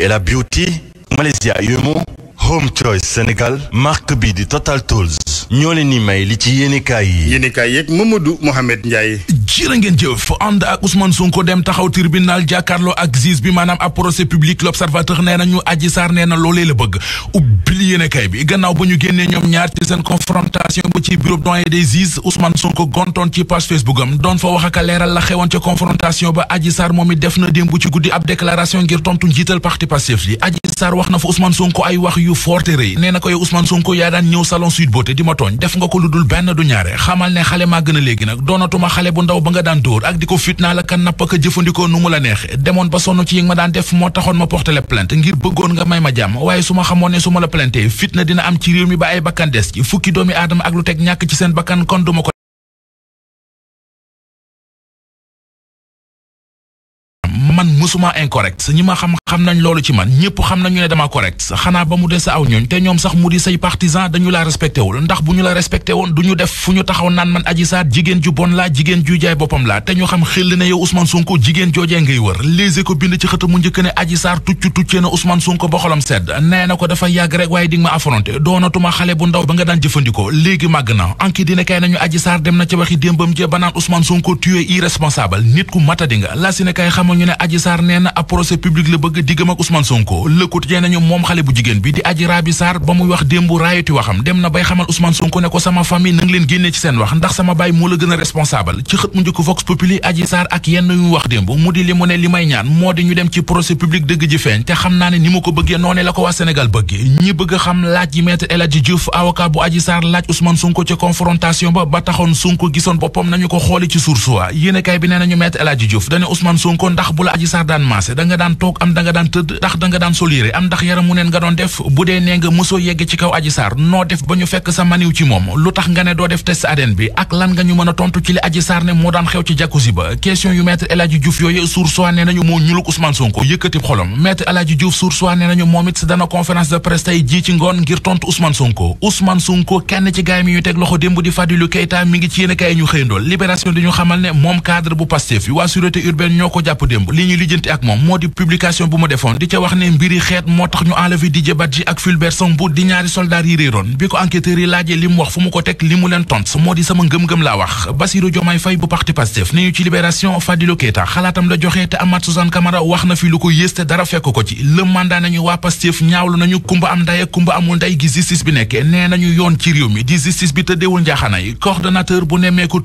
et la beauty Malaysia yumo Home Choice Sénégal marque bi di Total Tools ñoo leen ni may li ci yéenekaay yi yéenekaay yeeg jërë ngeen jëf ànd ak Ousmane Sonko dem taxaw tribunal jàkkaarloo ak juge bi maanaam ab procès public l'observateur nee na ñu Adji Sarr nee na loolee bëgg ubbi yéenekaay bi gannaaw ba ñu génnee ñoom ñaar ci seen confrontation ba ci bureau doyen des juges Ousmane Sonko gontoon ci page Facebook am fa wax a leeral la xewoon ca confrontation ba Adji Sarr moom it def na démb ci guddi ab déclaration ngir tontu njiital parti Pastef li Sarr wax na fa Ousmane Sonko ay wax yu forte rëy nee na ko yow Ousmane yaa daan ñëw salon Sud Beauté di ma tooñ def nga ko lu dul benn du ñaare xamal ne xale maa gën léegi nag doonatuma xale bu ndaw ba nga daan dóor ak di ko fitnaa la kan napp ak jëfandikoo nu mu la neexe demoon ba sonn ci yi nga ma daan def moo taxoon ma porté la plainte ngir bëggoon nga may ma jàmm waaye su ma xamoon ne su la plainte fitna dina am ci réew mi ba ay bakkan des ci fukki doomi aadama ak lu teg ñàkk ci seen bakkan kon duma ko musuma incorrect ñi ma xam xam nañ loolu ci man ñëpp xam nañu ne dama correct xanaa ba mu des sa aw ñooñ te ñoom sax mu di say partisan dañu laa respecté wul ndax bu ñu la respecté woon du def fu ñu taxaw naan man Adji Sarr jigéen ju bon laa jigéen ju jaay boppam laa te ñu xam xel ne yow Ousmane Sonko jigéen joojee ngay wër Les Échos bind ci xët mu njëkk ne Adji Sarr tucc tuccee na Ousmane Sonko ba xolam sedd nee na ko dafa yàgg rek waaye di nga ma affronté Sarr nee na ab procès public la bëgg diggam ak Ousmane Sonko Le Quotidien nañu moom xale bu jigéen bi di Adji Raby Sarr ba muy wax démb raayati waxam dem na bay xamal Ousmane Sonko ne ko sama famille nanga leen génnee ci seen wax ndax sama baay moo la gën responsable ci xët mu njëkk Vox Populi Adji Sarr ak yenn yu wax démb mu di li ne li may ñaan moo di ñu dem ci procès public dëgg ji feeñ te xam naa ne ni mu ko bëggee noonee la ko waa Sénégal bëggee ñi bëgg xam ba ba taxoon Sonko gisoon boppam nañu ko xooli sax daan maase da daan toog am da daan tëdd ndax da daan solire am ndax yaram mu neen nga doon def bu dee nee nga mosoo yegg ci kaw aji noo def ba ñu fekk sa maniw ci moom lu tax nga ne doo def test ADN bi ak lan nga ñu mën tontu ci li aji ne moo daan xew ci jacuzzi ba question yu maître El Hadji yooyu suur soi ne nañu moo ñuluk Ousmane Sonko yëkkati xolam maître El Hadji Diouf suur ne nañu moom it dana conférence de presse lijjanti ak moom moo di publication bu ma defoon di ca wax ne mbiri xeet moo tax ñu enlevé Didier Badji ak Fulbert Sambou di ñaari soldats yi réeroon bi ko enquêteurs yi laajee li wax fu mu ko teg li mu leen tont moo di sama ngëm-ngëm laa wax Bassirou Diomaye Faye bu parti Pastef ne ñu ci libération Fadilou Keita xalaatam la joxe te Amath Suzanne Camara wax na fi lu ko yées te dara fekk ko ci le mandat nañu waa Pastef ñaawlu nañu kumba am nday ak kumba amul nday gi justice yoon ci réew mi di justice bi tëddeewul njaaxanaay coordonnateur bu nemmeeku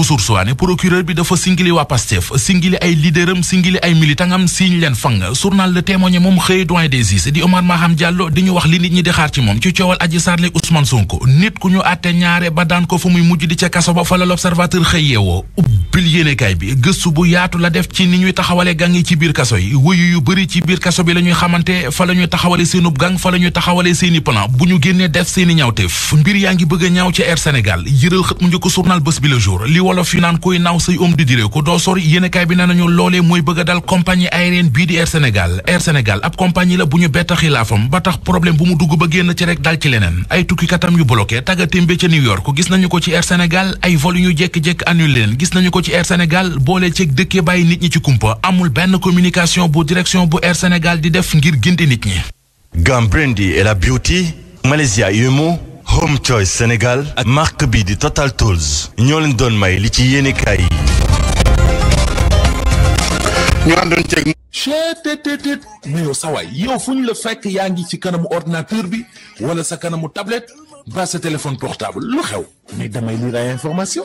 xam ne dafa singili waa Pastef singili ay leaderam singili ay militangam siiñ leen fang journal Le Témoin moom xëy doyen des di Omar Maham Diallo di ñu wax li nit ñi di xaar ci moom ci coowal Adji Sarr ak Ousmane Sonko nit ku ñu àtte ñaare ba daan ko fu muy mujj di ca kaso ba fa la L'Observateur xëy yeewoo ubbil yéenekaay bi gëstu bu yaatu la def ci ni ñuy taxawale gang yi ci biir kaso yi wuyu yu bëri ci biir kaso bi la xamante fa la taxawale seenub ñu génnee def seeni ñaawteef mbir yaa ngi bëgg a ñaaw ci Air Sénégal di di direeku doo sor yéenekaay bi nee nañu loolee mooy bëgg a dal compagnie aérienne bii di Air Sénégal Air Sénégal ab compagnie la bu ñu bett xilaafam ba tax problème bu mu dugg ba génn ci rek dal ci leneen ay tukkikatam yu bloqué tàggatémbe ca New York gis nañu ko ci Air Sénégal ay vol yu ñu jekk-jekk annulé leen gis nañu ko ci Air Sénégal boole ceeg dëkkee bàyyi nit ñi ci kumpa amul benn communication bu direction bu Air Sénégal di def ngir gindi nit ñi Gambrendi et la Beauty Malaysia Yumo Home Choice Sénégal ak marque bi di Total Tools ñoo leen doon may li ci yéenekaay yi ñu àndoon ceeg. chetetetet mais yow sawaay yow fu ñu la fekk yaa ngi ci kanamu ordinateur bi wala sa kanamu tablette ba sa téléphone portable lu xew mais damay lire ay information